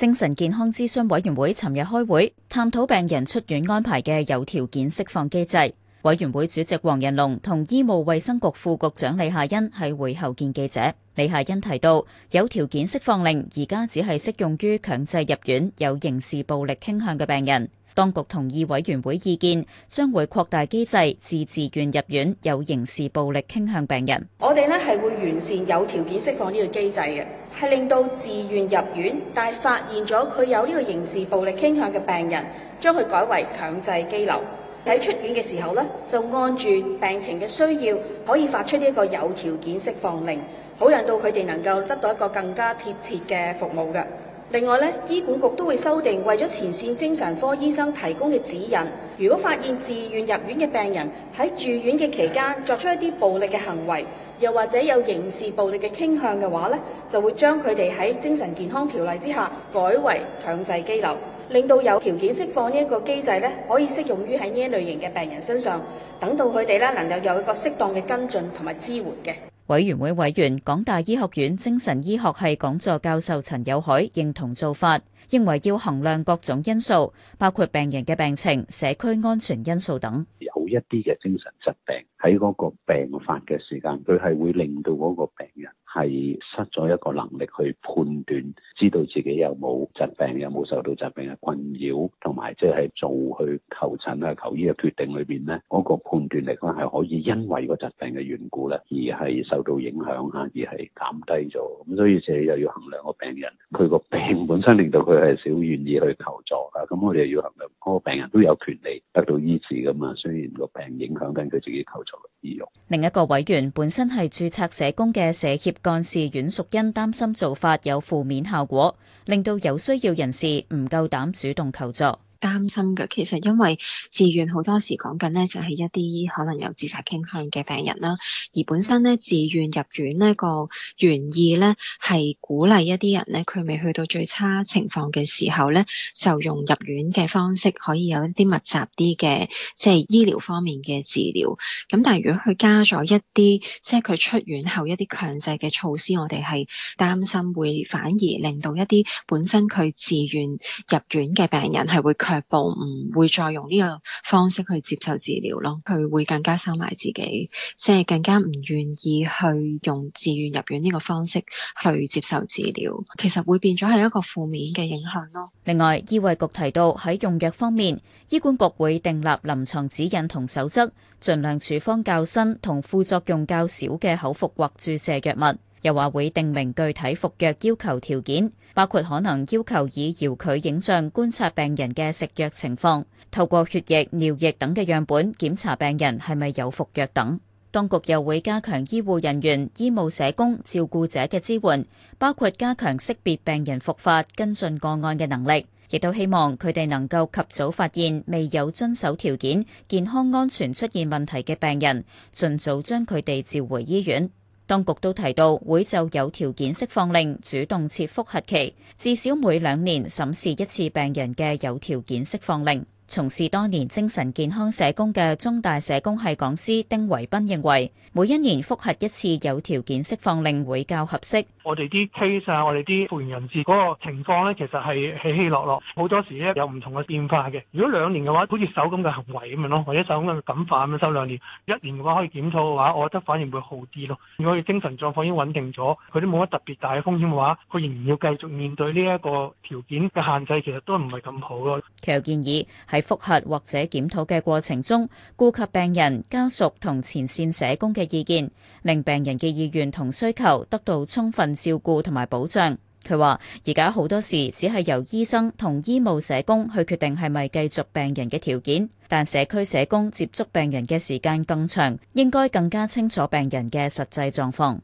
精神健康諮詢委員會尋日開會，探討病人出院安排嘅有條件釋放機制。委員會主席黃仁龍同醫務衛生局副局長李夏茵喺會後見記者。李夏茵提到，有條件釋放令而家只係適用於強制入院有刑事暴力傾向嘅病人。當局同意委員會意見，將會擴大機制，至自願入院有刑事暴力傾向病人，我哋呢係會完善有條件釋放呢個機制嘅，係令到自願入院但係發現咗佢有呢個刑事暴力傾向嘅病人，將佢改為強制羈留，喺出院嘅時候呢，就按住病情嘅需要，可以發出呢一個有條件釋放令，好讓到佢哋能夠得到一個更加貼切嘅服務嘅。另外呢，醫管局都會修訂為咗前線精神科醫生提供嘅指引。如果發現自願入院嘅病人喺住院嘅期間作出一啲暴力嘅行為，又或者有刑事暴力嘅傾向嘅話呢，就會將佢哋喺精神健康條例之下改為強制拘留，令到有條件釋放呢一個機制呢，可以適用於喺呢一類型嘅病人身上，等到佢哋呢，能夠有一個適當嘅跟進同埋支援嘅。委員會委員港大醫學院精神醫學系講座教授陳友海認同做法，認為要衡量各種因素，包括病人嘅病情、社區安全因素等。有一啲嘅精神疾病喺嗰個病發嘅時間，佢係會令到嗰個病人係失咗一個能力去判斷，知道自己有冇疾病，有冇受到疾病嘅困擾，同埋即係做去求診啊、求醫嘅決定裏邊咧，嗰個判斷嚟講係可以因為個疾病嘅緣故咧，而係受到影響嚇，而係減低咗。咁所以就又要衡量個病人，佢個病本身令到佢係少願意去求助啊。咁我哋要衡量嗰個病人都有權利得到醫治噶嘛。雖然個病影響緊佢自己求助嘅意欲。另一個委員本身係註冊社工嘅社協。幹事阮淑欣擔心做法有負面效果，令到有需要人士唔夠膽主動求助。擔心嘅，其實因為自願好多時講緊呢，就係一啲可能有自殺傾向嘅病人啦。而本身呢，自願入院呢個原意呢，係鼓勵一啲人呢，佢未去到最差情況嘅時候呢，就用入院嘅方式可以有一啲密集啲嘅，即係醫療方面嘅治療。咁但係如果佢加咗一啲，即係佢出院後一啲強制嘅措施，我哋係擔心會反而令到一啲本身佢自願入院嘅病人係會。逐步唔會再用呢個方式去接受治療咯，佢會更加收埋自己，即係更加唔願意去用自願入院呢個方式去接受治療，其實會變咗係一個負面嘅影響咯。另外，醫衛局提到喺用藥方面，醫管局會訂立臨床指引同守則，盡量處方較新同副作用較少嘅口服或注射藥物。又話會定明具體服藥要求條件，包括可能要求以遙距影像觀察病人嘅食藥情況，透過血液、尿液等嘅樣本檢查病人係咪有服藥等。當局又會加強醫護人員、醫務社工、照顧者嘅支援，包括加強識別病人復發、跟進個案嘅能力，亦都希望佢哋能夠及早發現未有遵守條件、健康安全出現問題嘅病人，盡早將佢哋召回醫院。當局都提到，會就有條件釋放令主動設覆核期，至少每兩年審視一次病人嘅有條件釋放令。從事多年精神健康社工嘅中大社工系講師丁維斌認為，每一年覆核一次有條件釋放令會較合適。我哋啲 case 啊，我哋啲復元人士嗰個情況咧，其實係起起落落，好多時咧有唔同嘅變化嘅。如果兩年嘅話，好似手咁嘅行為咁樣咯，或者手咁嘅感化咁樣收兩年，一年嘅話可以檢討嘅話，我覺得反而會好啲咯。如果佢精神狀況已經穩定咗，佢都冇乜特別大嘅風險嘅話，佢仍然要繼續面對呢一個條件嘅限制，其實都唔係咁好咯。佢又建議喺覆核或者檢討嘅過程中，顧及病人家屬同前線社工嘅意見，令病人嘅意願同需求得到充分照顧同埋保障。佢話而家好多時只係由醫生同醫務社工去決定係咪繼續病人嘅條件，但社區社工接觸病人嘅時間更長，應該更加清楚病人嘅實際狀況。